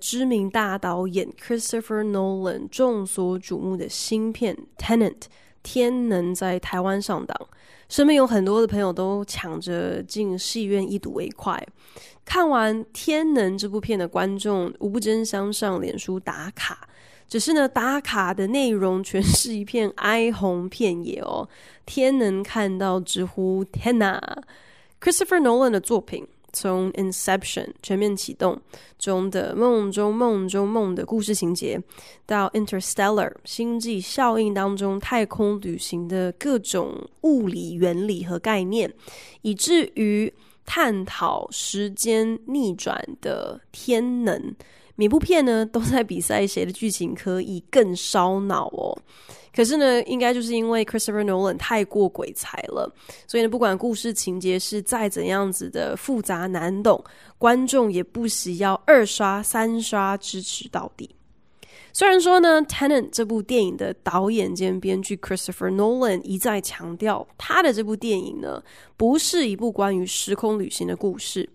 知名大導演 Christopher Nolan，眾所矚目的新片《Tenet》天能在台灣上檔，身邊有很多的朋友都搶着進戲院一睹為快。看完《天能》這部片的觀眾，無不爭相上臉書打卡。只是呢，打卡的內容全是一片哀鴻遍野哦。天能看到，直呼天吶，Christopher Nolan 的作品。從《Inception》全面啟動中的夢中夢中夢的故事情節，到《Interstellar》星際效應當中太空旅行的各種物理原理和概念，以至於……探討時間逆轉的天能，每部片呢都在比賽誰的劇情可以更燒腦哦。可是呢，應該就是因為 Christopher Nolan 太過鬼才了，所以呢，不管故事情節是再怎樣子的複雜難懂，觀眾也不惜要二刷、三刷，支持到底。雖然說呢，《Tenet》這部電影的導演兼編劇 Christopher Nolan 一再強調，他的這部電影呢不是一部關於時空旅行的故事。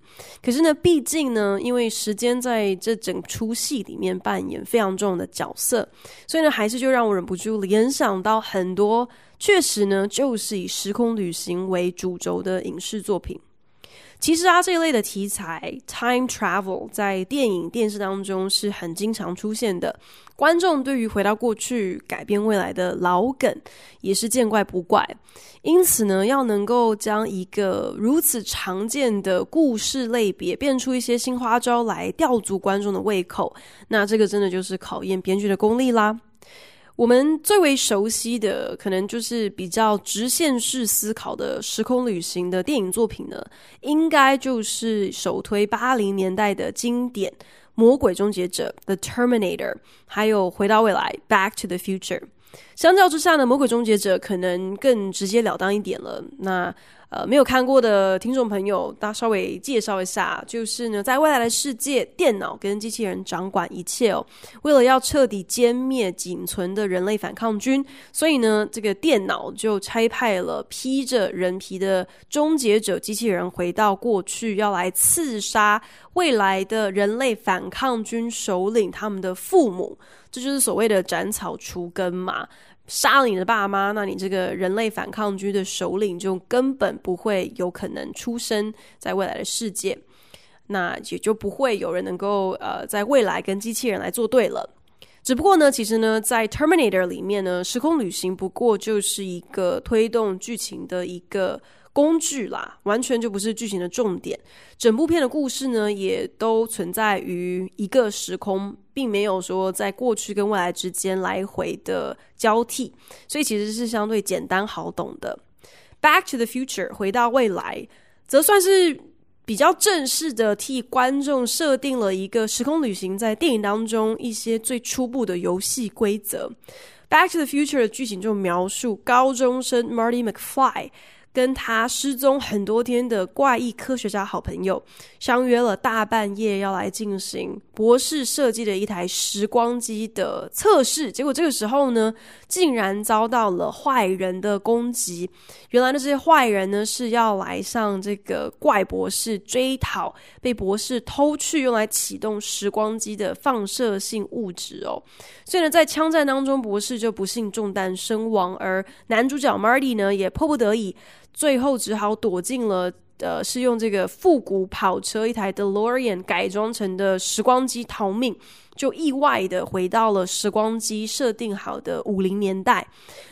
可是呢，畢竟呢，因為時間在這整齣戲裡面扮演非常重要的角色，所以呢，還是就讓我忍不住聯想到很多，確實呢，就是以時空旅行為主軸的影視作品。其實啊，這一類的題材，time travel，在電影、電視當中是很經常出現的。觀眾對於回到過去、改變未來的老梗也是見怪不怪。因此呢，要能夠將一個如此常見的故事類別變出一些新花招來吊足觀眾的胃口，那這個真的就是考驗編劇的功力啦。我們最為熟悉的，可能就是比較直線式思考的時空旅行的電影作品呢，應該就是首推八零年代的經典《魔鬼終結者》The Terminator，還有《回到未來》Back to the Future。相較之下呢，魔鬼終結者可能更直截了當一點了。那呃，沒有看過的聽眾朋友，大家稍微介紹一下，就是呢，在未來的世界，電腦跟機器人掌管一切哦。為了要徹底殲滅僅存的人類反抗軍，所以呢，這個電腦就差派了披着人皮的終結者機器人回到過去，要來刺殺未來的人類反抗軍首領他們的父母。這就是所謂的斬草除根嘛，殺了你的爸媽，那你這個人類反抗軍的首領就根本不會有可能出生在未來的世界，那也就不會有人能夠呃在未來跟機器人來作對了。只不過呢，其實呢，在 Terminator 裡面呢，時空旅行不過就是一個推動劇情的一個工具啦，完全就不是劇情的重點。整部片的故事呢，也都存在於一個時空，並沒有說在過去跟未來之間來回的交替，所以其實是相對簡單好懂的。Back to the Future 回到未來，則算是比較正式的替觀眾設定了一個時空旅行在電影當中一些最初步的遊戲規則。Back to the Future 的劇情就描述高中生 Marty McFly。跟他失蹤很多天的怪異科學家好朋友相約了大半夜要來進行博士設計的一台時光機的測試，結果這個時候呢，竟然遭到了壞人的攻擊。原來呢，這些壞人呢是要來向這個怪博士追討被博士偷去用來啟動時光機的放射性物質哦。所以呢，在槍戰當中，博士就不幸中彈身亡，而男主角 Marty 呢也迫不得已。最後只好躲進了，呃，是用這個復古跑車一台 DeLorean 改裝成的時光機逃命，就意外的回到了時光機設定好的五零年代。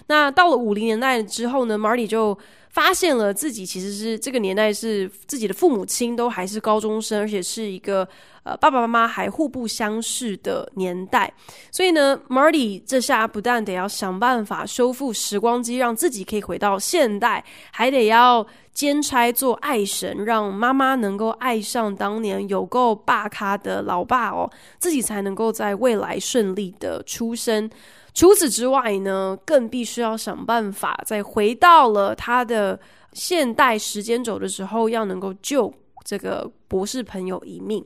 那到了五零年代之後呢，Marty 就發現了自己其實是這個年代是自己的父母親都還是高中生，而且是一個，呃，爸爸媽媽還互不相識的年代，所以呢，Marty 這下不但得要想辦法修復時光機，讓自己可以回到現代，還得要兼差做愛神，讓媽媽能夠愛上當年有夠霸咖的老爸哦，自己才能夠在未來順利的出生。除此之外呢，更必須要想辦法，在回到了他的現代時間軸的時候，要能夠救這個博士朋友一命。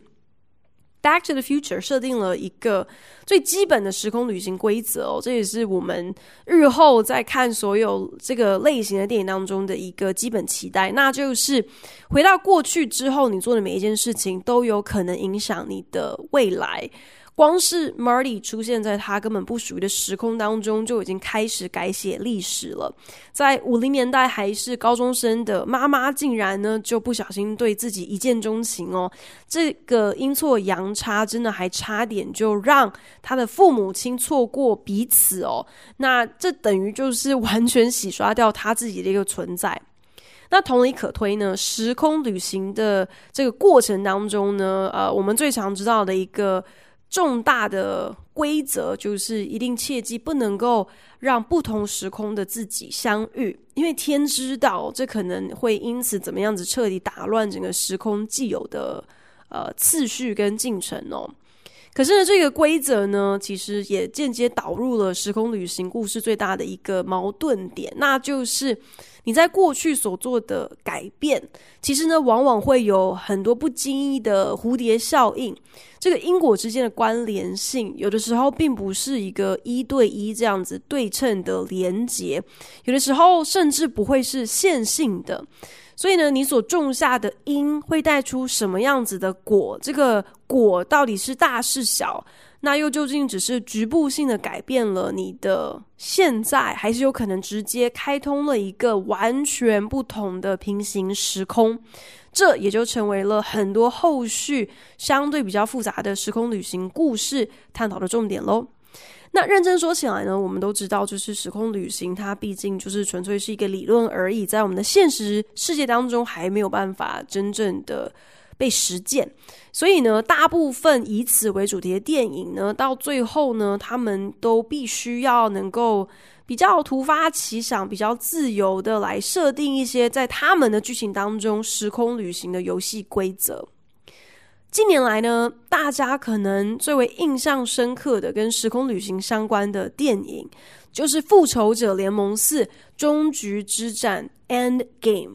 《Back to the Future》設定了一個最基本的時空旅行規則哦，這也是我們日後在看所有這個類型的電影當中的一個基本期待，那就是回到過去之後，你做的每一件事情都有可能影響你的未來。光是 Marty 出現在他根本不屬於的時空當中，就已經開始改寫歷史了。在五零年代還是高中生的媽媽，竟然呢就不小心對自己一見鍾情哦。這個陰錯陽差，真的還差點就讓他的父母親錯過彼此哦。那這等於就是完全洗刷掉他自己的一個存在。那同理可推呢，時空旅行的這個過程當中呢，呃，我們最常知道的一個。重大的規則就是一定切記不能夠讓不同時空的自己相遇，因為天知道這可能會因此怎麼樣子徹底打亂整個時空既有的，呃，次序跟進程哦。可是呢，這個規則呢，其實也間接導入了時空旅行故事最大的一個矛盾點，那就是你在過去所做的改變，其實呢，往往會有很多不經意的蝴蝶效應。這個因果之間的關聯性，有的時候並不是一個一對一這樣子對稱的連結，有的時候甚至不會是線性的。所以呢，你所種下的因會帶出什麼樣子的果？這個果到底是大是小？那又究竟只是局部性的改變了你的現在，還是有可能直接開通了一個完全不同的平行時空？這也就成為了很多後續相對比較複雜的時空旅行故事探討的重點嘍。那認真說起來呢，我們都知道，就是時空旅行，它畢竟就是純粹是一個理論而已，在我們的現實世界當中還沒有辦法真正的被實踐，所以呢，大部分以此為主題的電影呢，到最後呢，他們都必須要能夠比較突發奇想、比較自由的來設定一些在他們的劇情當中時空旅行的遊戲規則。近年來呢，大家可能最為印象深刻的跟時空旅行相關的電影，就是《復仇者聯盟四：終局之戰》（Endgame）。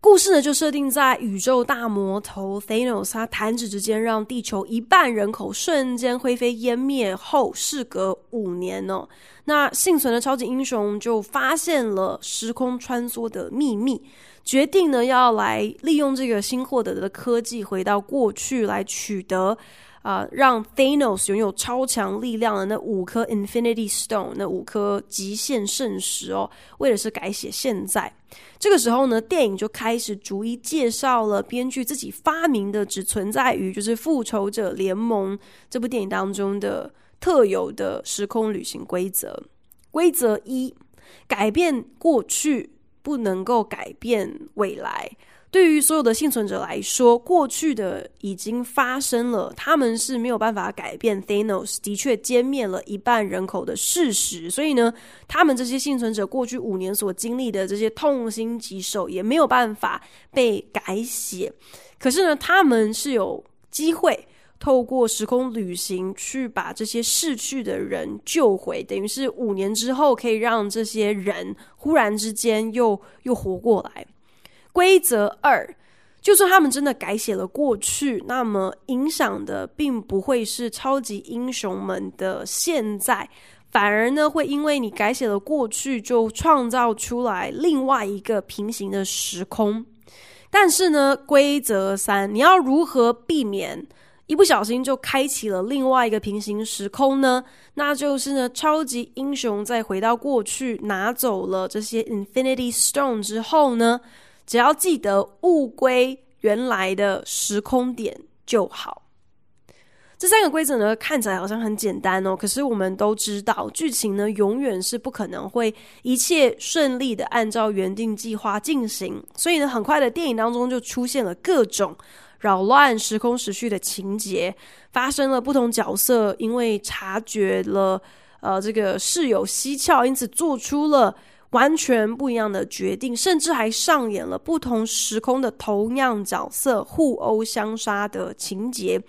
故事呢就設定在宇宙大魔頭 Thanos 他彈指之間讓地球一半人口瞬間灰飛煙滅後，事隔五年呢、哦，那幸存的超級英雄就發現了時空穿梭的秘密。決定呢，要來利用這個新獲得的科技，回到過去來取得啊、呃，讓 Thanos 擁有超強力量的那五顆 Infinity Stone，那五顆極限聖石哦，為的是改寫現在。這個時候呢，電影就開始逐一介紹了編劇自己發明的只存在於就是復仇者聯盟這部電影當中的特有的時空旅行規則。規則一：改變過去。不能夠改變未來。對於所有的幸存者來說，過去的已經發生了，他們是沒有辦法改變 Thanos 的確殲滅了一半人口的事實。所以呢，他們這些幸存者過去五年所經歷的這些痛心疾首也沒有辦法被改寫。可是呢，他們是有機會。透過時空旅行去把這些逝去的人救回，等於是五年之後可以讓這些人忽然之間又又活過來。規則二，就算他們真的改寫了過去，那麼影響的並不會是超級英雄們的現在，反而呢會因為你改寫了過去，就創造出來另外一個平行的時空。但是呢，規則三，你要如何避免？一不小心就開啟了另外一個平行時空呢？那就是呢，超級英雄在回到過去，拿走了這些 Infinity Stone 之後呢，只要記得物歸原來的時空點就好。這三個規則呢，看起來好像很簡單哦。可是我們都知道，劇情呢永遠是不可能會一切順利的按照原定計劃進行，所以呢，很快的電影當中就出現了各種。擾亂時空時序的情節發生了，不同角色因為察覺了呃這個事有蹊蹺，因此做出了完全不一樣的決定，甚至還上演了不同時空的同樣角色互毆相殺的情節，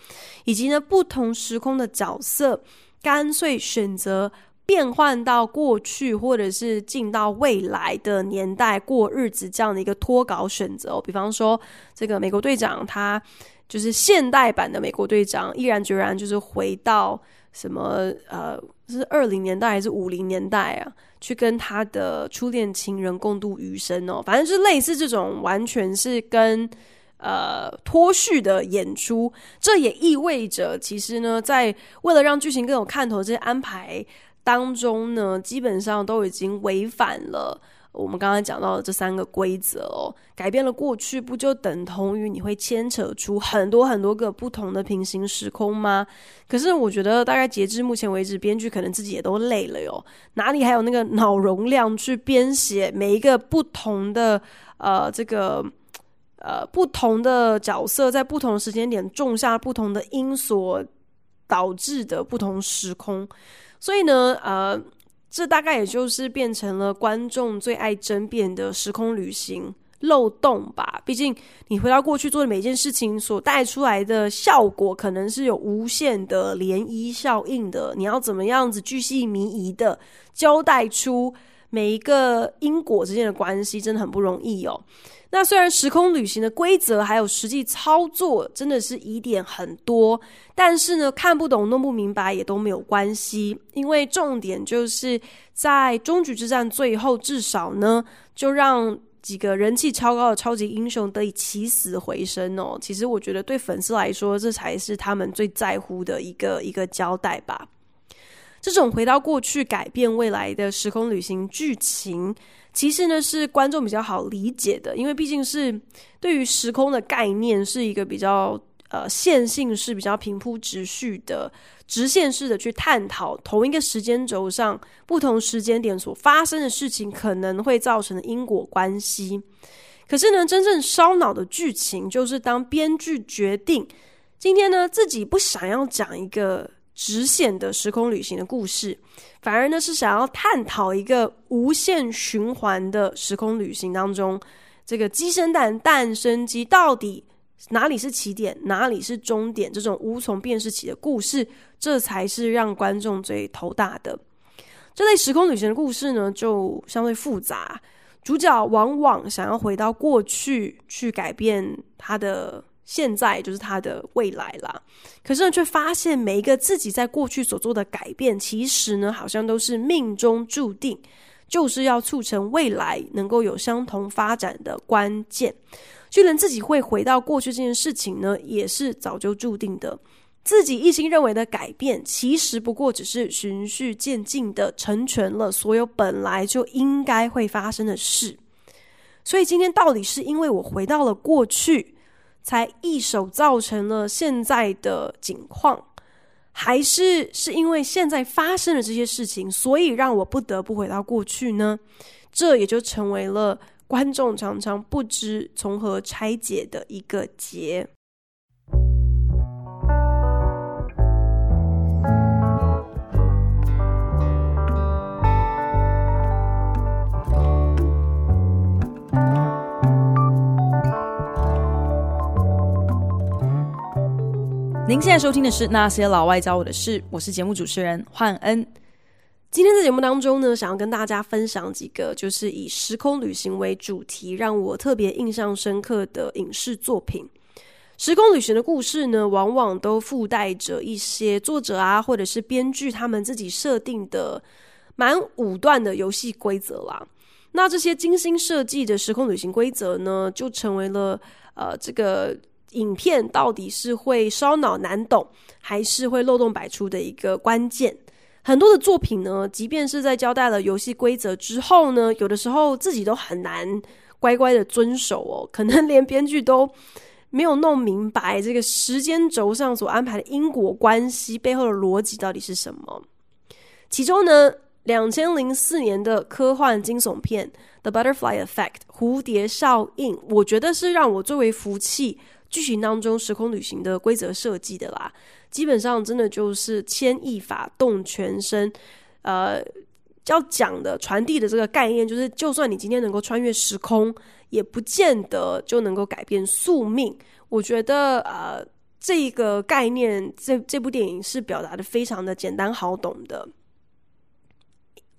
以及呢不同時空的角色乾脆選擇。變換到過去，或者是進到未來的年代過日子，這樣的一個脫稿選擇，哦。比方說，這個美國隊長，他就是現代版的美國隊長，毅然決然就是回到什麼呃，是二零年代還是五零年代啊？去跟他的初戀情人共度餘生哦。反正就是類似這種，完全是跟呃脫序的演出。這也意味着，其實呢，在為了讓劇情更有看頭，這些安排。當中呢，基本上都已經違反了我們剛剛講到的這三個規則哦。改變了過去，不就等同於你會牽扯出很多很多個不同的平行時空嗎？可是我覺得，大概截至目前為止，編劇可能自己也都累了喲。哪裡還有那個腦容量去編寫每一個不同的呃，這個呃，不同的角色在不同時間點種下不同的因所導致的不同時空？所以呢，呃，這大概也就是變成了觀眾最愛爭辯的時空旅行漏洞吧。畢竟，你回到過去做的每件事情，所帶出來的效果，可能是有無限的漣漪效應的。你要怎麼樣子巨細靡遺的交代出每一個因果之間的關係真的很不容易哦。那雖然時空旅行的規則還有實際操作真的是疑點很多，但是呢，看不懂弄不明白也都沒有關係，因為重點就是在終局之戰最後至少呢，就讓幾個人氣超高的超級英雄得以起死回生哦。其實我覺得對粉絲來說，這才是他們最在乎的一個一個交代吧。這種回到過去改變未來的時空旅行劇情，其實呢是觀眾比較好理解的，因為畢竟是對於時空的概念是一個比較呃線性，是比較平鋪直敘的直線式的去探討同一個時間軸上不同時間點所發生的事情可能會造成的因果關係。可是呢，真正燒腦的劇情就是當編劇決定今天呢自己不想要講一個。直線的時空旅行的故事，反而呢是想要探討一個無限循環的時空旅行當中，這個雞生蛋，蛋生雞，到底哪裡是起點，哪裡是終點，這種無從辨識起的故事，這才是讓觀眾最頭大的。這類時空旅行的故事呢，就相對複雜，主角往往想要回到過去去改變他的。現在就是他的未來啦。可是呢，卻發現每一個自己在過去所做的改變，其實呢，好像都是命中注定，就是要促成未來能夠有相同發展的關鍵。就連自己會回到過去這件事情呢，也是早就注定的。自己一心認為的改變，其實不過只是循序漸進的成全了所有本來就應該會發生的事。所以今天到底是因為我回到了過去，才一手造成了現在的景況，還是是因為現在發生了這些事情，所以讓我不得不回到過去呢？這也就成為了觀眾常常不知從何拆解的一個結。您現在收聽的是《那些老外教我的事》，我是節目主持人煥恩。今天在節目當中呢，想要跟大家分享幾個就是以時空旅行為主題讓我特別印象深刻的影視作品。時空旅行的故事呢，往往都附帶着一些作者啊或者是編劇他們自己設定的蠻武斷的遊戲規則啦。那這些精心設計的時空旅行規則呢，就成為了呃這個。影片到底是會燒腦難懂，還是會漏洞百出的一個關鍵？很多的作品呢，即便是在交代了遊戲規則之後呢，有的時候自己都很難乖乖的遵守哦。可能連編劇都沒有弄明白這個時間軸上所安排的因果關係背後的邏輯到底是什麼。其中呢，兩千零四年的科幻驚悚片《The Butterfly Effect》蝴蝶效應，我覺得是讓我最為服氣。劇情當中時空旅行的規則設計的啦，基本上真的就是牽一髮動全身。呃，要講的傳遞的這個概念，就是就算你今天能夠穿越時空，也不見得就能夠改變宿命。我覺得，呃，這個概念，這這部電影是表達的非常的簡單好懂的。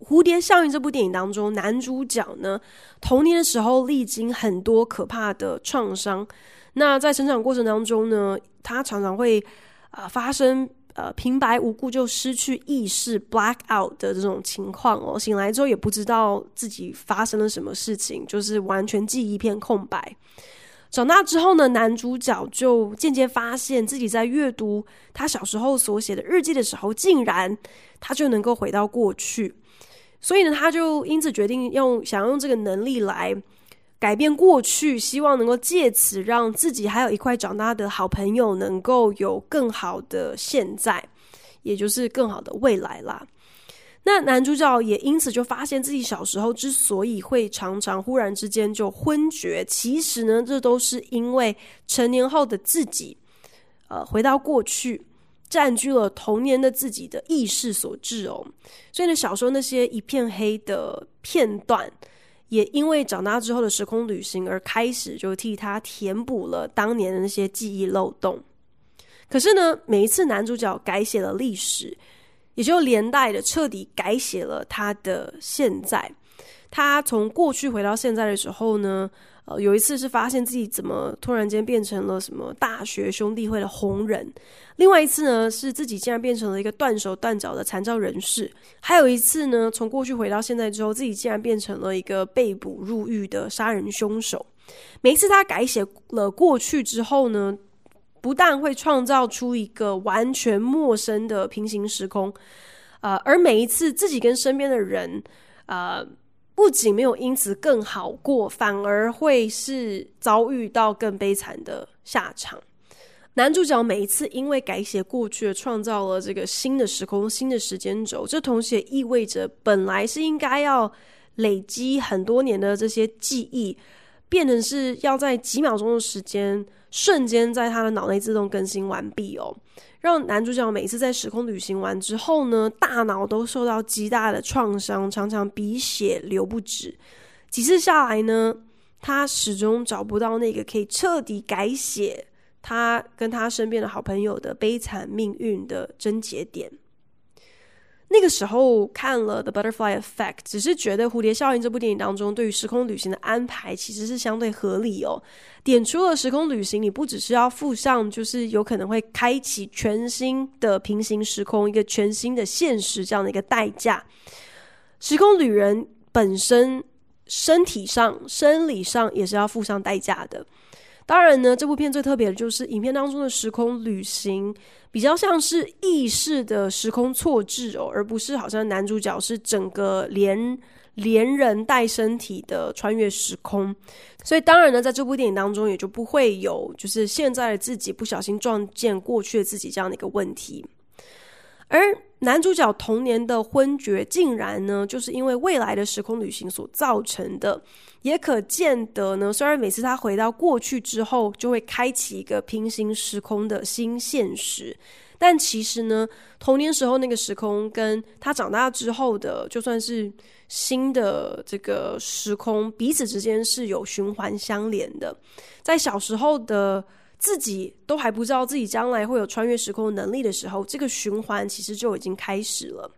蝴蝶效應這部電影當中，男主角呢，童年的時候歷經很多可怕的創傷。那在成長過程當中呢，他常常會啊、呃、發生呃平白無故就失去意識 black out 的這種情況哦。醒來之後也不知道自己發生了什麼事情，就是完全記憶一片空白。長大之後呢，男主角就漸漸發現自己在閱讀他小時候所寫的日記的時候，竟然他就能夠回到過去。所以呢，他就因此決定用想用這個能力來，改變過去，希望能夠借此讓自己還有一塊長大的好朋友能夠有更好的現在，也就是更好的未來啦。那男主角也因此就發現自己小時候之所以會常常忽然之間就昏厥，其實呢，這都是因為成年後的自己，呃，回到過去佔據了童年的自己的意識所致哦。所以呢，小時候那些一片黑的片段。也因為長大之後的時空旅行而開始，就替他填補了當年的那些記憶漏洞。可是呢，每一次男主角改寫了歷史，也就連帶的徹底改寫了他的現在。他從過去回到現在的時候呢，呃，有一次是發現自己怎麼突然間變成了什麼大學兄弟會的紅人，另外一次呢是自己竟然變成了一個斷手斷腳的殘障人士，還有一次呢從過去回到現在之後，自己竟然變成了一個被捕入獄的殺人凶手。每一次他改寫了過去之後呢，不但會創造出一個完全陌生的平行時空，呃，而每一次自己跟身邊的人，呃。不僅沒有因此更好過，反而會是遭遇到更悲慘的下場。男主角每一次因為改寫過去，創造了這個新的時空、新的時間軸，這同時也意味着，本來是應該要累積很多年的這些記憶，變成是要在幾秒鐘的時間，瞬間在他的腦內自動更新完畢哦。讓男主角每次在時空旅行完之後呢，大腦都受到極大的創傷，常常鼻血流不止。幾次下來呢，他始終找不到那個可以徹底改寫他跟他身邊的好朋友的悲慘命運的癥結點。那個時候看了《The Butterfly Effect》，只是覺得《蝴蝶效應》這部電影當中對於時空旅行的安排其實是相對合理哦，點出了時空旅行你不只是要付上，就是有可能會開啟全新的平行時空、一個全新的現實這樣的一個代價。時空旅人本身身體上、生理上也是要付上代價的。當然呢，這部片最特別的就是影片當中的時空旅行比較像是意識的時空錯置哦，而不是好像男主角是整個連連人帶身體的穿越時空，所以當然呢，在這部電影當中也就不會有就是現在的自己不小心撞見過去的自己這樣的一個問題。而男主角童年的昏厥，竟然呢，就是因為未來的時空旅行所造成的，也可見得呢。雖然每次他回到過去之後，就會開啟一個平行時空的新現實，但其實呢，童年時候那個時空跟他長大之後的，就算是新的這個時空，彼此之間是有循環相連的，在小時候的，自己都還不知道自己將來會有穿越時空能力的時候，這個循環其實就已經開始了。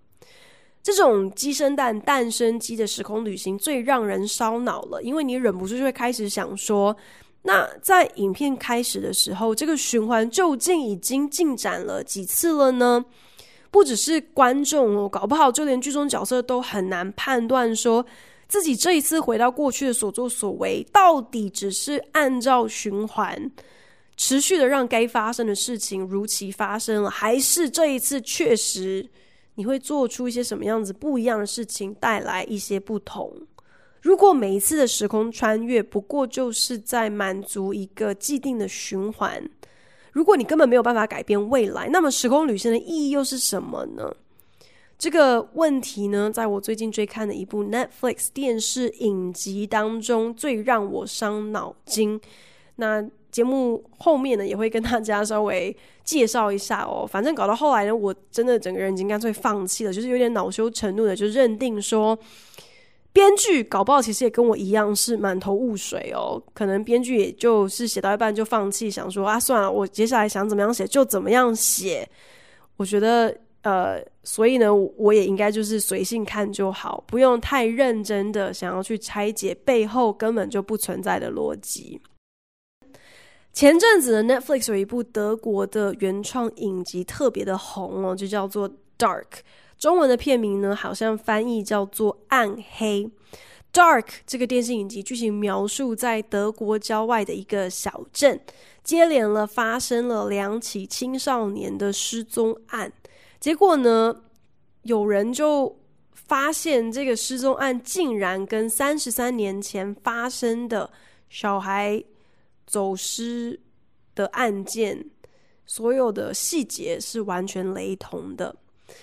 這種雞生蛋、蛋生雞的時空旅行最讓人燒腦了，因為你忍不住就會開始想說：那在影片開始的時候，這個循環究竟已經進展了幾次了呢？不只是觀眾哦，搞不好就連劇中角色都很難判斷說自己這一次回到過去的所作所為，到底只是按照循環。持續的讓該發生的事情如期發生了，還是這一次確實你會做出一些什麼樣子不一樣的事情，帶來一些不同？如果每一次的時空穿越不過就是在滿足一個既定的循環，如果你根本沒有辦法改變未來，那麼時空旅行的意義又是什麼呢？這個問題呢，在我最近追看的一部 Netflix 電視影集當中，最讓我傷腦筋。那。節目後面呢，也會跟大家稍微介紹一下哦。反正搞到後來呢，我真的整個人已經乾脆放棄了，就是有點惱羞成怒的，就認定說編劇搞不好其實也跟我一樣是滿頭霧水哦。可能編劇也就是寫到一半就放棄，想說啊算了，我接下來想怎麼樣寫就怎麼樣寫。我覺得呃，所以呢，我也應該就是隨性看就好，不用太認真的想要去拆解背後根本就不存在的邏輯。前陣子的 Netflix 有一部德國的原創影集特別的紅哦，就叫做《Dark》，中文的片名呢好像翻譯叫做《暗黑》。《Dark》這個電視影集劇情描述在德國郊外的一個小鎮，接連了發生了兩起青少年的失蹤案，結果呢，有人就發現這個失蹤案竟然跟三十三年前發生的小孩走失的案件，所有的細節是完全雷同的。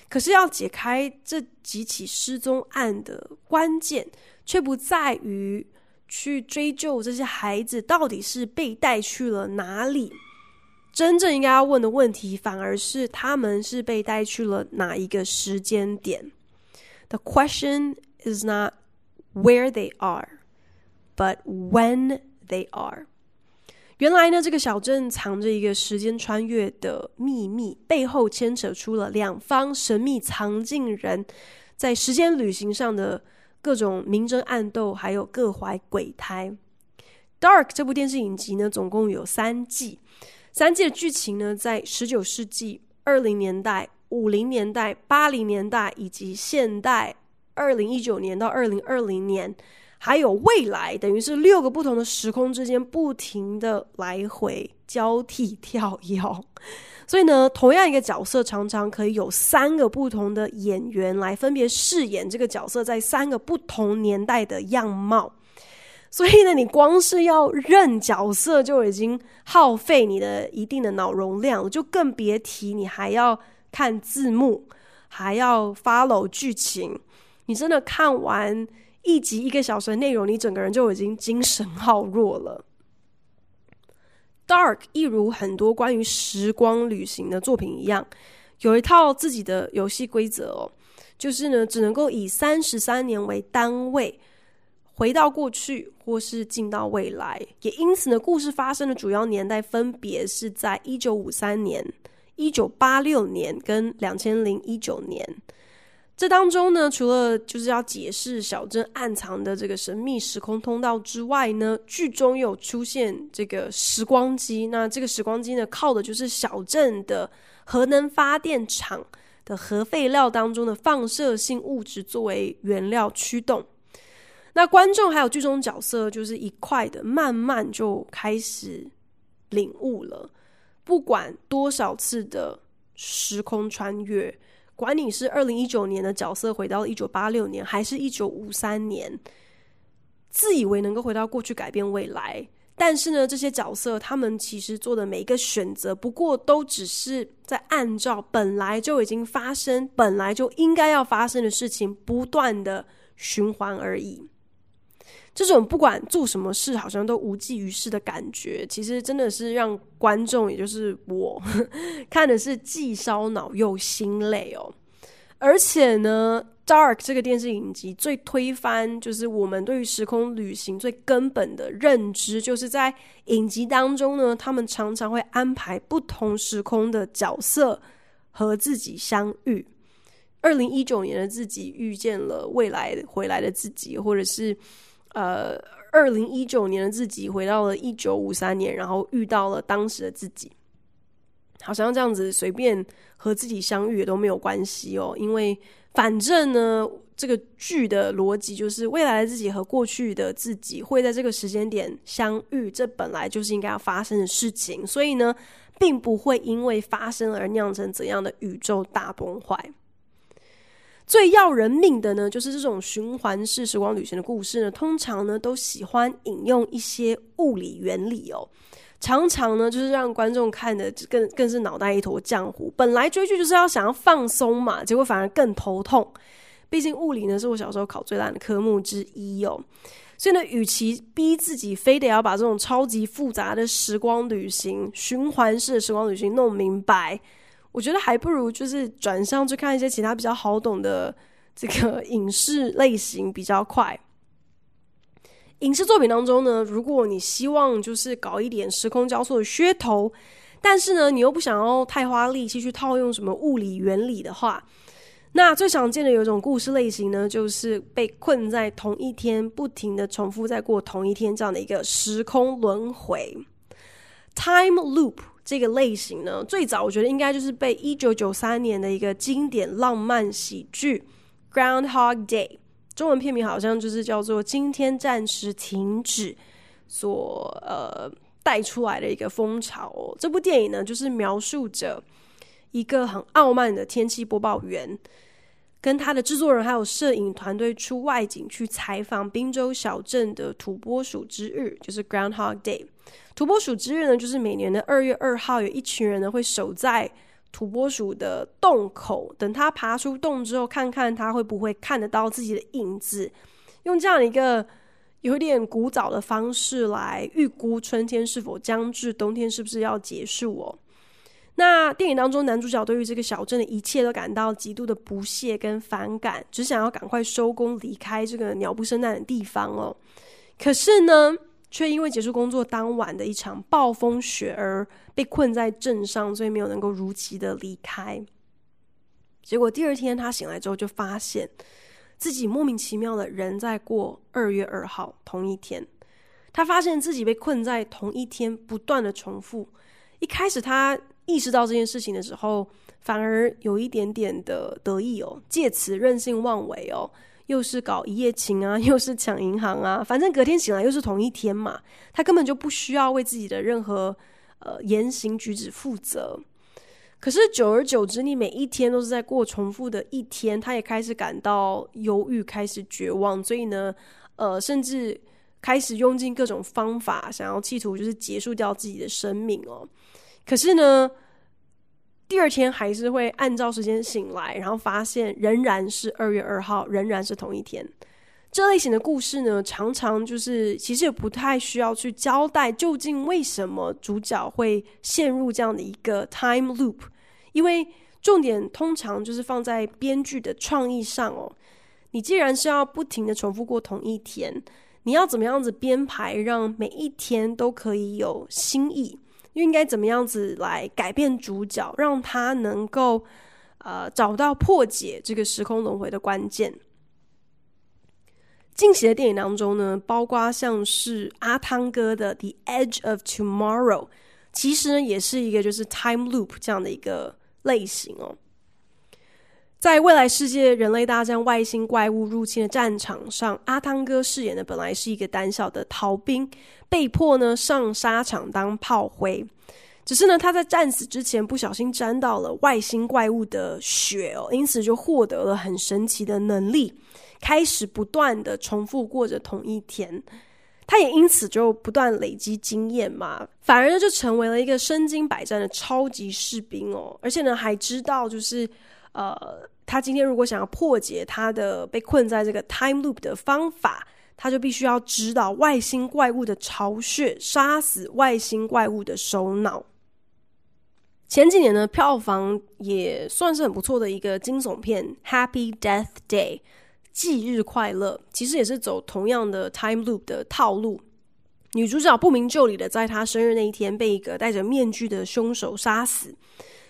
可是，要解開這幾起失蹤案的關鍵，卻不在於去追究這些孩子到底是被帶去了哪裡。真正應該要問的問題，反而是他們是被帶去了哪一個時間點。The question is not where they are, but when they are. 原來呢，這個小鎮藏着一個時間穿越的秘密，背後牽扯出了兩方神秘藏鏡人，在時間旅行上的各種明爭暗鬥，還有各懷鬼胎。《Dark》這部電視影集呢，總共有三季，三季的劇情呢，在十九世紀、二零年代、五零年代、八零年代以及現代，二零一九年到二零二零年。還有未來，等於是六個不同的時空之間不停的來回交替跳躍，所以呢，同樣一個角色常常可以有三個不同的演員來分別飾演這個角色在三個不同年代的樣貌。所以呢，你光是要認角色就已經耗費你的一定的腦容量，就更別提你還要看字幕，還要 follow 劇情。你真的看完？一集一個小時的內容，你整個人就已經精神耗弱了。Dark，一如很多關於時光旅行的作品一樣，有一套自己的遊戲規則哦，就是呢，只能夠以三十三年為單位，回到過去或是進到未來，也因此呢，故事發生的主要年代分別是在一九五三年、一九八六年跟兩千零一九年。這當中呢，除了就是要解釋小鎮暗藏的這個神秘時空通道之外呢，劇中有出現這個時光機。那這個時光機呢，靠的就是小鎮的核能發電廠的核廢料當中的放射性物質作為原料驅動。那觀眾還有劇中角色就是一塊的，慢慢就開始領悟了，不管多少次的時空穿越，管你是二零一九年的角色回到一九八六年，還是一九五三年，自以為能夠回到過去改變未來，但是呢，這些角色他們其實做的每一個選擇，不過都只是在按照本來就已經發生、本來就應該要發生的事情不斷的循環而已。這種不管做什麼事，好像都無濟於事的感覺，其實真的是讓觀眾，也就是我呵呵看的是既燒腦又心累哦。而且呢，《Dark》這個電視影集最推翻就是我們對於時空旅行最根本的認知，就是在影集當中呢，他們常常會安排不同時空的角色和自己相遇。二零一九年的自己遇見了未來回來的自己，或者是。呃，二零一九年的自己回到了一九五三年，然後遇到了當時的自己。好像這樣子隨便和自己相遇也都沒有關係哦，因為反正呢，這個劇的邏輯就是未來的自己和過去的自己會在這個時間點相遇，這本來就是應該要發生的事情，所以呢，並不會因為發生而釀成怎樣的宇宙大崩壞。最要人命的呢，就是這種循環式時光旅行的故事呢，通常呢都喜歡引用一些物理原理哦，常常呢就是讓觀眾看得更更是腦袋一坨漿糊。本來追劇就是要想要放鬆嘛，結果反而更頭痛。畢竟物理呢是我小時候考最爛的科目之一哦，所以呢，與其逼自己非得要把這種超級複雜的時光旅行、循環式的時光旅行弄明白。我覺得還不如就是轉向去看一些其他比較好懂的這個影視類型比較快。影視作品當中呢，如果你希望就是搞一點時空交錯的噱頭，但是呢你又不想要太花力氣去套用什麼物理原理的話，那最常見的有一種故事類型呢，就是被困在同一天，不停的重複在過同一天這樣的一個時空輪迴 （time loop）。這個類型呢，最早我覺得應該就是被一九九三年的一個經典浪漫喜劇《Groundhog Day》中文片名好像就是叫做《今天暫時停止》所呃帶出來的一個風潮哦。這部電影呢，就是描述着一個很傲慢的天氣播報員，跟他的制作人還有攝影團隊出外景去採訪賓州小鎮的土撥鼠之日，就是 Groundhog Day。土撥鼠之日呢，就是每年的二月二號，有一群人呢會守在土撥鼠的洞口，等它爬出洞之後，看看它會不會看得到自己的影子，用這樣一個有點古早的方式來預估春天是否將至，冬天是不是要結束哦。那電影當中，男主角對於這個小鎮的一切都感到極度的不屑跟反感，只想要趕快收工離開這個鳥不生蛋的地方哦。可是呢，卻因為結束工作當晚的一場暴風雪而被困在鎮上，所以沒有能夠如期的離開。結果第二天他醒來之後就發現自己莫名其妙的仍在過二月二號同一天，他發現自己被困在同一天不斷的重複。一開始他意識到這件事情的時候，反而有一點點的得意哦，借此任性妄為哦。又是搞一夜情啊，又是搶銀行啊，反正隔天醒來又是同一天嘛。他根本就不需要為自己的任何，呃，言行舉止負責。可是久而久之，你每一天都是在過重複的一天，他也開始感到憂鬱，開始絕望，所以呢，呃，甚至開始用盡各種方法，想要企圖就是結束掉自己的生命哦。可是呢。第二天還是會按照時間醒來，然後發現仍然是二月二號，仍然是同一天。這類型的故事呢，常常就是其實也不太需要去交代究竟為什麼主角會陷入這樣的一個 time loop，因為重點通常就是放在編劇的創意上哦。你既然是要不停的重複過同一天，你要怎麼樣子編排，讓每一天都可以有新意？又應該怎麼樣子來改變主角，讓他能夠呃找到破解這個時空輪迴的關鍵？近期的電影當中呢，包括像是阿湯哥的《The Edge of Tomorrow》，其實呢也是一個就是 Time Loop 這樣的一個類型哦。在未來世界，人類大戰外星怪物入侵的戰場上，阿湯哥飾演的本來是一個膽小的逃兵，被迫呢上沙場當炮灰。只是呢，他在戰死之前不小心沾到了外星怪物的血哦，因此就獲得了很神奇的能力，開始不斷地重複過着同一天。他也因此就不斷累積經驗嘛，反而呢就成為了一個身經百戰的超級士兵哦，而且呢還知道就是。呃、uh，他今天如果想要破解他的被困在這個 time loop 的方法，他就必須要知道外星怪物的巢穴、殺死外星怪物的首腦。前幾年的票房也算是很不錯的一個驚悚片，《Happy Death Day》（忌日快樂）其實也是走同樣的 time loop 的套路。女主角不明就裡的，在她生日那一天被一個戴着面具的凶手殺死。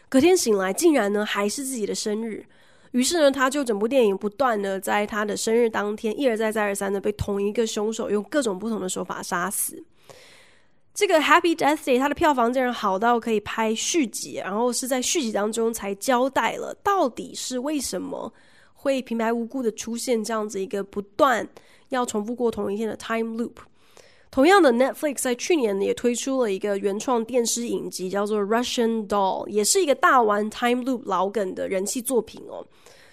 隔天醒來，竟然呢還是自己的生日，於是呢他就整部電影不斷的在他的生日當天一而再再而三的被同一個兇手用各種不同的手法殺死。這個 Happy Death Day 它的票房竟然好到可以拍續集，然後是在續集當中才交代了到底是為什麼會平白無故的出現這樣子一個不斷要重複過同一天的 Time Loop。同樣的，Netflix 在去年也推出了一個原創電視影集，叫做《Russian Doll》，也是一個大玩 Time Loop 老梗的人氣作品哦。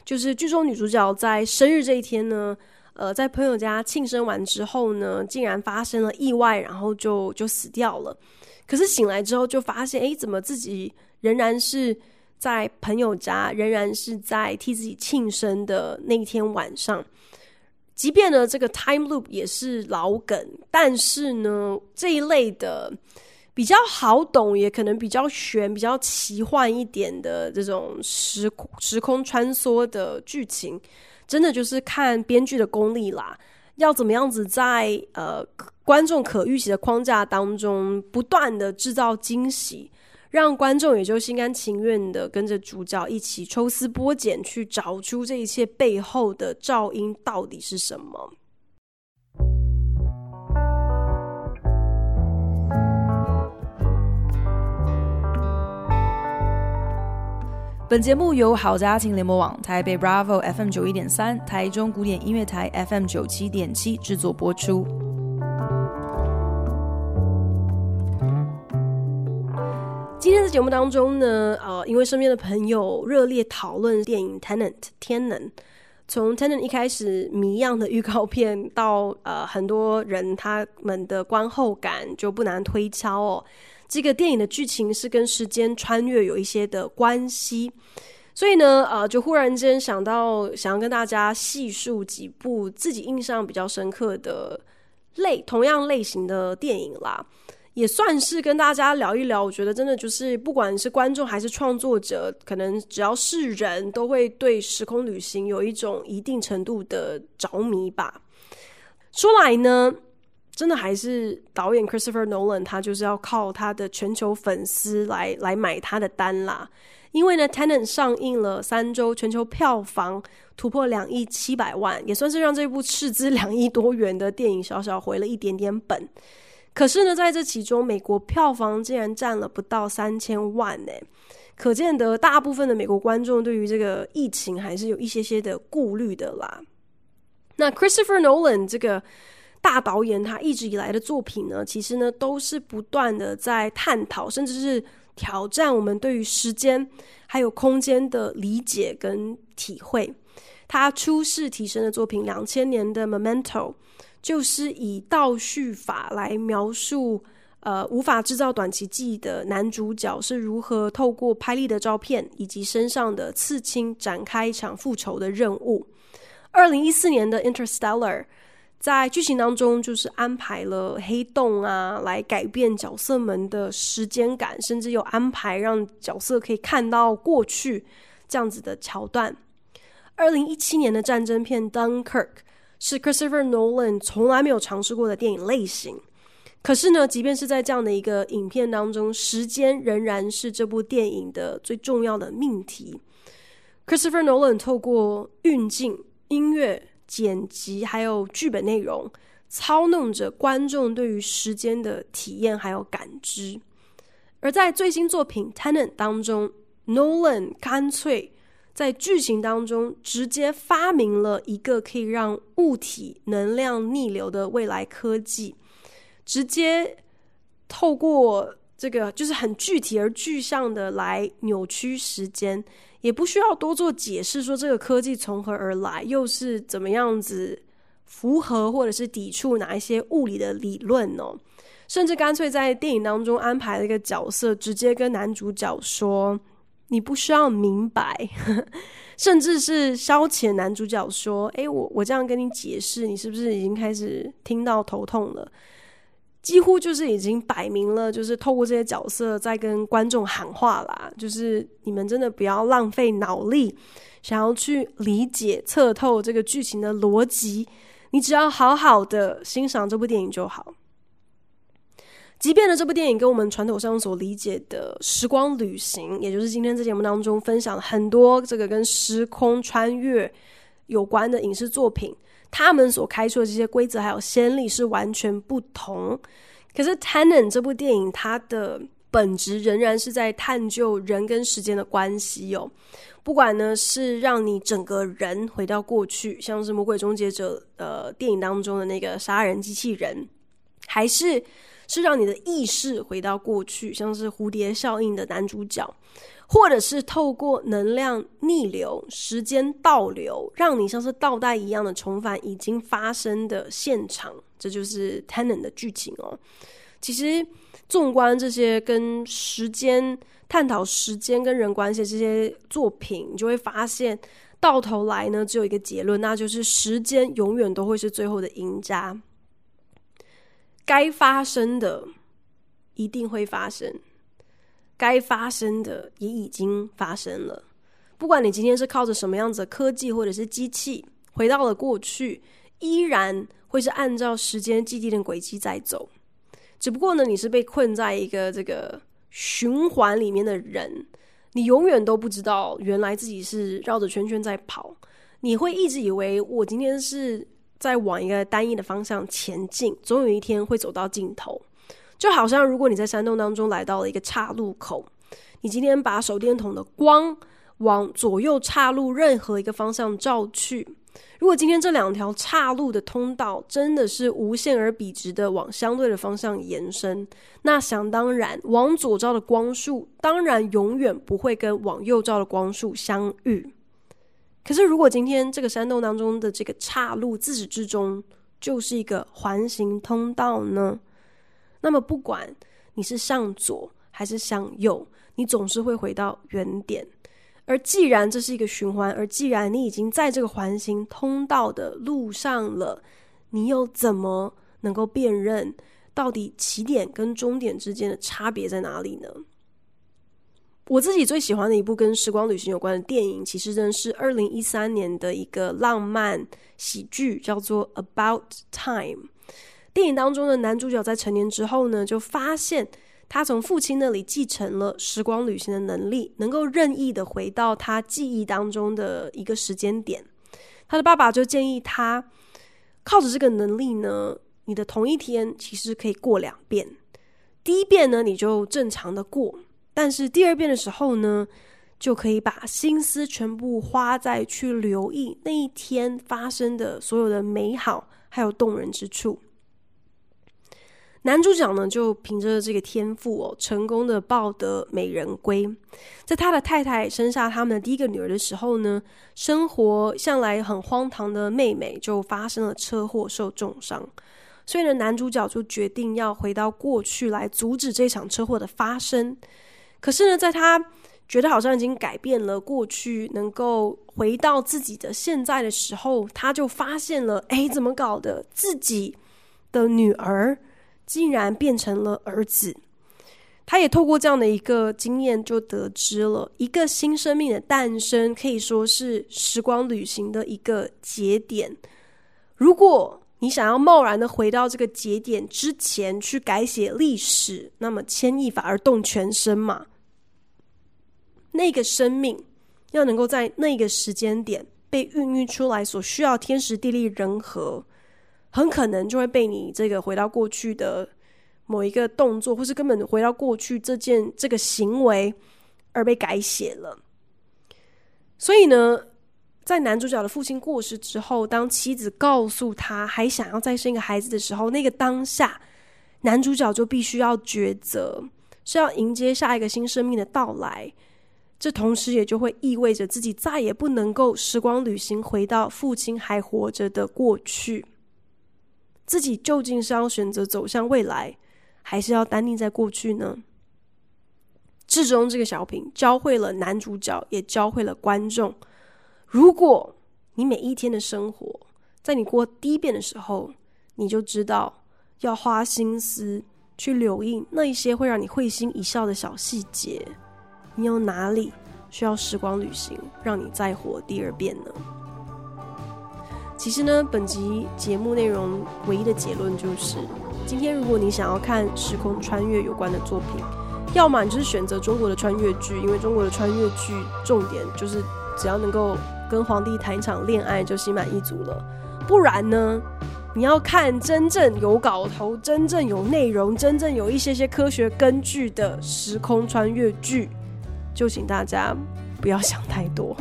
就是劇中女主角在生日這一天呢，呃，在朋友家慶生完之後呢，竟然發生了意外，然後就就死掉了。可是醒來之後就發現，誒，怎麼自己仍然是在朋友家，仍然是在替自己慶生的那一天晚上。即便呢，這個 time loop 也是老梗，但是呢，這一類的比較好懂，也可能比較玄，比較奇幻一點的這種時時空穿梭的劇情，真的就是看編劇的功力啦，要怎麼樣子在呃觀眾可預期的框架當中，不斷的製造驚喜。讓觀眾也就心甘情願的跟着主角一起抽絲剝繭，去找出這一切背後的噪音到底是什麼。本節目由好家庭聯播網、台北 Bravo FM 九一點三、台中古典音樂台 FM 九七點七製作播出。今天的節目當中呢，呃，因為身邊的朋友熱烈討論電影《Tenet》天能，從《Tenet》一開始謎樣的預告片到呃很多人他們的觀後感，就不難推敲哦，這個電影的劇情是跟時間穿越有一些的關係，所以呢，呃，就忽然間想到想要跟大家細數幾部自己印象比較深刻的類同樣類型的電影啦。也算是跟大家聊一聊，我覺得真的就是，不管是觀眾還是創作者，可能只要是人都會對時空旅行有一種一定程度的着迷吧。說來呢，真的還是導演 Christopher Nolan，他就是要靠他的全球粉絲來來買他的單啦。因為呢，《Tenet》上映了三週，全球票房突破兩億七百萬，也算是讓這部斥資兩億多元的電影小小回了一點點本。可是呢，在這其中，美國票房竟然占了不到三千萬呢，可見得大部分的美國觀眾對於這個疫情還是有一些些的顧慮的啦。那 Christopher Nolan 這個大導演，他一直以來的作品呢，其實呢都是不斷的在探討，甚至是挑戰我們對於時間還有空間的理解跟體會。他初試啼聲的作品，兩千年的 Memento。就是以倒敘法來描述，呃，無法製造短期記憶的男主角是如何透過拍立得照片以及身上的刺青展開一場復仇的任務。二零一四年的《Interstellar》在劇情當中就是安排了黑洞啊，來改變角色們的時間感，甚至有安排讓角色可以看到過去這樣子的橋段。二零一七年的戰爭片《Dunkirk》。是 Christopher Nolan 從來沒有嘗試過的電影類型。可是呢，即便是在這樣的一個影片當中，時間仍然是這部電影的最重要的命題。Christopher Nolan 透過運鏡、音樂、剪輯還有劇本內容，操弄着觀眾對於時間的體驗還有感知。而在最新作品《Tenet》當中，Nolan 乾脆。在劇情當中，直接發明了一個可以讓物體能量逆流的未來科技，直接透過這個，就是很具體而具象的來扭曲時間，也不需要多做解釋，說這個科技從何而來，又是怎麼樣子符合或者是抵觸哪一些物理的理論哦，甚至乾脆在電影當中安排了一個角色，直接跟男主角說。你不需要明白，呵呵，甚至是消遣。男主角說：“誒，我我這樣跟你解釋，你是不是已經開始聽到頭痛了？”幾乎就是已經擺明了，就是透過這些角色在跟觀眾喊話啦。就是你們真的不要浪費腦力，想要去理解、測透這個劇情的邏輯，你只要好好的欣賞這部電影就好。即便呢，這部電影跟我們傳統上所理解的時光旅行，也就是今天在節目當中分享很多這個跟時空穿越有關的影視作品，他們所開出的這些規則還有先例是完全不同。可是《Tenet》這部電影，它的本質仍然是在探究人跟時間的關係哦。不管呢，是讓你整個人回到過去，像是《魔鬼終結者》，呃，電影當中的那個殺人機器人，還是。是讓你的意識回到過去，像是蝴蝶效應的男主角，或者是透過能量逆流、時間倒流，讓你像是倒帶一樣的重返已經發生的現場。這就是 Tenet 的劇情哦。其實，縱觀這些跟時間探討、時間跟人關係這些作品，你就會發現，到頭來呢，只有一個結論，那就是時間永遠都會是最後的贏家。該發生的一定會發生，該發生的也已經發生了。不管你今天是靠着什麼樣子的科技或者是機器回到了過去，依然會是按照時間既定的軌跡在走。只不過呢，你是被困在一個這個循環裡面的人，你永遠都不知道原來自己是繞着圈圈在跑。你會一直以為我今天是。再往一個單一的方向前進，總有一天會走到盡頭。就好像如果你在山洞當中來到了一個岔路口，你今天把手電筒的光往左右岔路任何一個方向照去，如果今天這兩條岔路的通道真的是無限而筆直的往相對的方向延伸，那想當然，往左照的光束當然永遠不會跟往右照的光束相遇。可是，如果今天這個山洞當中的這個岔路自始至終就是一個環形通道呢？那麼，不管你是向左還是向右，你總是會回到原點。而既然這是一個循環，而既然你已經在這個環形通道的路上了，你又怎麼能夠辨認到底起點跟終點之間的差別在哪裡呢？我自己最喜歡的一部跟時光旅行有關的電影，其實真是二零一三年的一個浪漫喜劇，叫做《About Time》。電影當中的男主角在成年之後呢，就發現他從父親那裡繼承了時光旅行的能力，能夠任意的回到他記憶當中的一個時間點。他的爸爸就建議他靠着這個能力呢，你的同一天其實可以過兩遍。第一遍呢，你就正常的過。但是第二遍的時候呢，就可以把心思全部花在去留意那一天發生的所有的美好還有動人之處。男主角呢，就憑着這個天賦哦，成功的抱得美人歸。在他的太太生下他們的第一個女兒的時候呢，生活向來很荒唐的妹妹就發生了車禍，受重傷。所以呢，男主角就決定要回到過去來阻止這場車禍的發生。可是呢，在他覺得好像已經改變了過去，能夠回到自己的現在的時候，他就發現了：哎，怎麼搞的？自己的女兒竟然變成了兒子。他也透過這樣的一個經驗，就得知了一個新生命的誕生，可以說是時光旅行的一個節點。如果你想要貿然的回到這個節點之前去改寫歷史，那麼牽一髮而動全身嘛，那個生命要能夠在那個時間點被孕育出來，所需要天時地利人和，很可能就會被你這個回到過去的某一個動作，或是根本回到過去這件這個行為而被改寫了。所以呢，在男主角的父親過世之後，當妻子告訴他還想要再生一個孩子的時候，那個當下，男主角就必須要抉擇，是要迎接下一個新生命的到來，這同時也就會意味着自己再也不能夠時光旅行回到父親還活着的過去，自己究竟是要選擇走向未來，還是要耽溺在過去呢？至終這個小品教會了男主角，也教會了觀眾。如果你每一天的生活，在你過第一遍的時候，你就知道要花心思去留意那一些會讓你會心一笑的小細節。你有哪裡需要時光旅行，讓你再活第二遍呢？其實呢，本集節目內容唯一的結論就是，今天如果你想要看時空穿越有關的作品，要麼你就是選擇中國的穿越劇，因為中國的穿越劇重點就是只要能夠。跟皇帝談一場戀愛就心滿意足了，不然呢？你要看真正有搞頭、真正有內容、真正有一些些科學根據的時空穿越劇，就請大家不要想太多。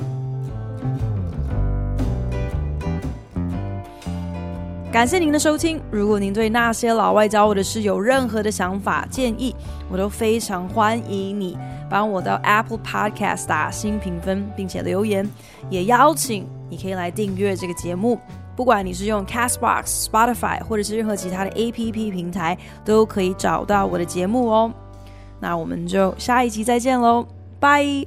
感謝您的收聽，如果您對那些老外教我的事有任何的想法、建議，我都非常歡迎你。幫我到 Apple Podcast 打新評分，並且留言，也邀請你可以來訂閱這個節目。不管你是用 Castbox、Spotify，或者是任何其他的 APP 平台，都可以找到我的節目哦。那我們就下一集再見嘍，拜。